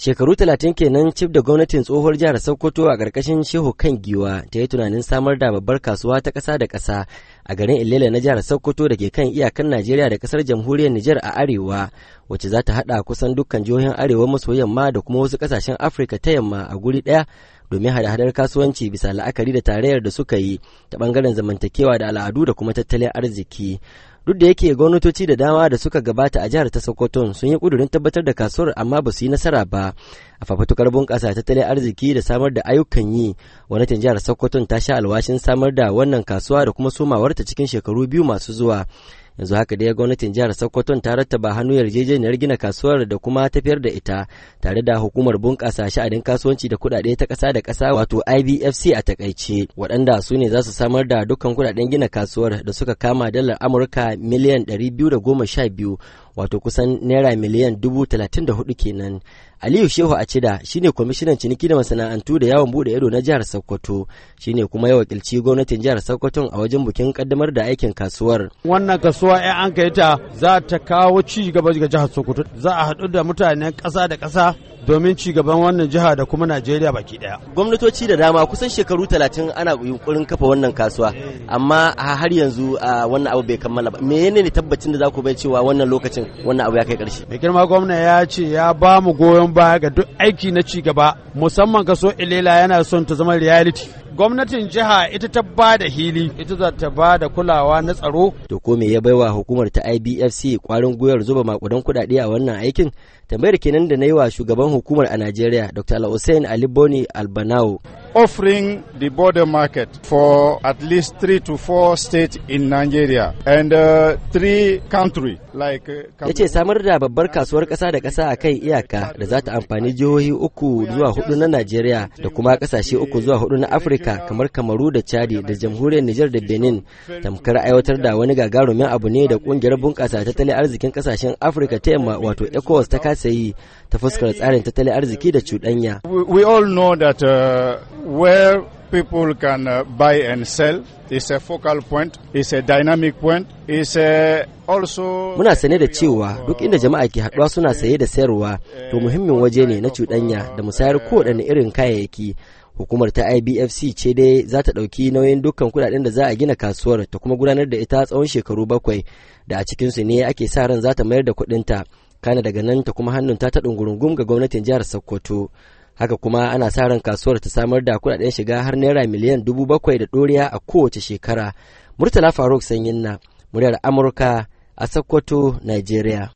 Shekaru talatin kenan cif da gwamnatin tsohuwar jihar Sokoto a ƙarƙashin Shehu kan giwa ta yi tunanin samar da babbar kasuwa ta ƙasa da ƙasa a garin ilele na jihar Sokoto da ke kan iyakan Najeriya da ƙasar jamhuriyar Nijar a arewa wacce za ta haɗa kusan dukkan jihohin arewa maso yamma da kuma wasu ƙasashen Afirka ta yamma a guri ɗaya domin hada-hadar kasuwanci bisa la'akari da tarayyar da suka yi ta ɓangaren zamantakewa da al'adu da kuma tattalin arziki. duk da yake gwamnatoci da dama da suka gabata a jihar ta sokoto sun yi kudurin tabbatar da kasuwar amma ba su yi nasara ba a fafatukar bunƙasa tattalin arziki da samar da ayyukan yi gwamnatin jihar sokoto ta sha alwashin samar da wannan kasuwa da kuma ta cikin shekaru biyu masu zuwa yanzu haka dai gwamnatin jihar sokoto ta rattaba hannu yarjejeniyar gina kasuwar da kuma tafiyar da ita tare da hukumar bunƙasa sha'adin kasuwanci da kuɗaɗe ta ƙasa da ƙasa wato ibfc a takaice waɗanda su ne za su samar da dukkan kuɗaɗen gina kasuwar da suka kama dalar amurka miliyan ɗari biyu da goma sha wato kusan naira miliyan dubu talatin da hudu kenan aliyu shehu a cida shine kwamishinan ciniki da masana'antu da yawon bude ido na jihar sokoto shine kuma ya wakilci gwamnatin jihar sokoto a wajen bukin kaddamar da aikin kasuwar wannan kasuwa ya an kai ta za ta kawo ci gaba ga jihar sokoto za a haɗu da mutanen ƙasa da ƙasa domin ci gaban wannan jiha da kuma Najeriya baki daya. Gwamnatoci da dama kusan shekaru talatin ana yunkurin kafa wannan kasuwa amma har yanzu wannan abu bai kammala ba. Me ne tabbacin da za ku bai cewa wannan lokacin wannan abu ya kai ƙarshe. Mai girma gwamna ya ce ya ba mu goyon baya ga duk aiki na ci gaba musamman kaso Ilela yana son ta zama reality gwamnatin jiha ita ta ba da hili ita za ta ba da kulawa na tsaro to ko me ya baiwa hukumar ta IBFC kwarin gwiwar zuba makudan kudade a wannan aikin tambayar kenan da na yi wa shugaban hukumar a Najeriya Dr. hussein Ali Boni Albanao offering the border market for at least three to four states in Nigeria and uh, three country like uh, yace samar da babbar kasuwar kasa da kasa a kan iyaka da za ta amfani jihohi uku zuwa hudu na Najeriya da kuma kasashe uku zuwa hudu na Afirka afirka kamar kamaru da chadi da jamhuriyar nijar da benin tamkar aiwatar da wani gagarumin abu ne da ƙungiyar bunƙasa tattalin arzikin kasashen afirka ta yamma wato ecowas ta kasa yi ta fuskar tsarin tattalin arziki da cuɗanya we all know that uh, where people can uh, buy and sell is a focal point, is a dynamic point, is a Muna sane da cewa duk inda jama'a ke haɗuwa suna saye da sayarwa, to muhimmin waje ne na cuɗanya da musayar kowaɗanne irin kayayyaki hukumar ta ibfc ce dai za ta ɗauki nauyin dukkan kudaden da za a gina kasuwar ta kuma gudanar da ita tsawon shekaru bakwai da a cikinsu ne ake sa ran za ta mayar da ta kana daga nan ta kuma hannun ta ta ɗungurungum ga gwamnatin jihar sokoto haka kuma ana sa ran kasuwar ta samar da kudaden shiga har naira miliyan dubu bakwai da ɗoriya a kowace shekara murtala faruk sanyin na muryar amurka a sokoto nigeria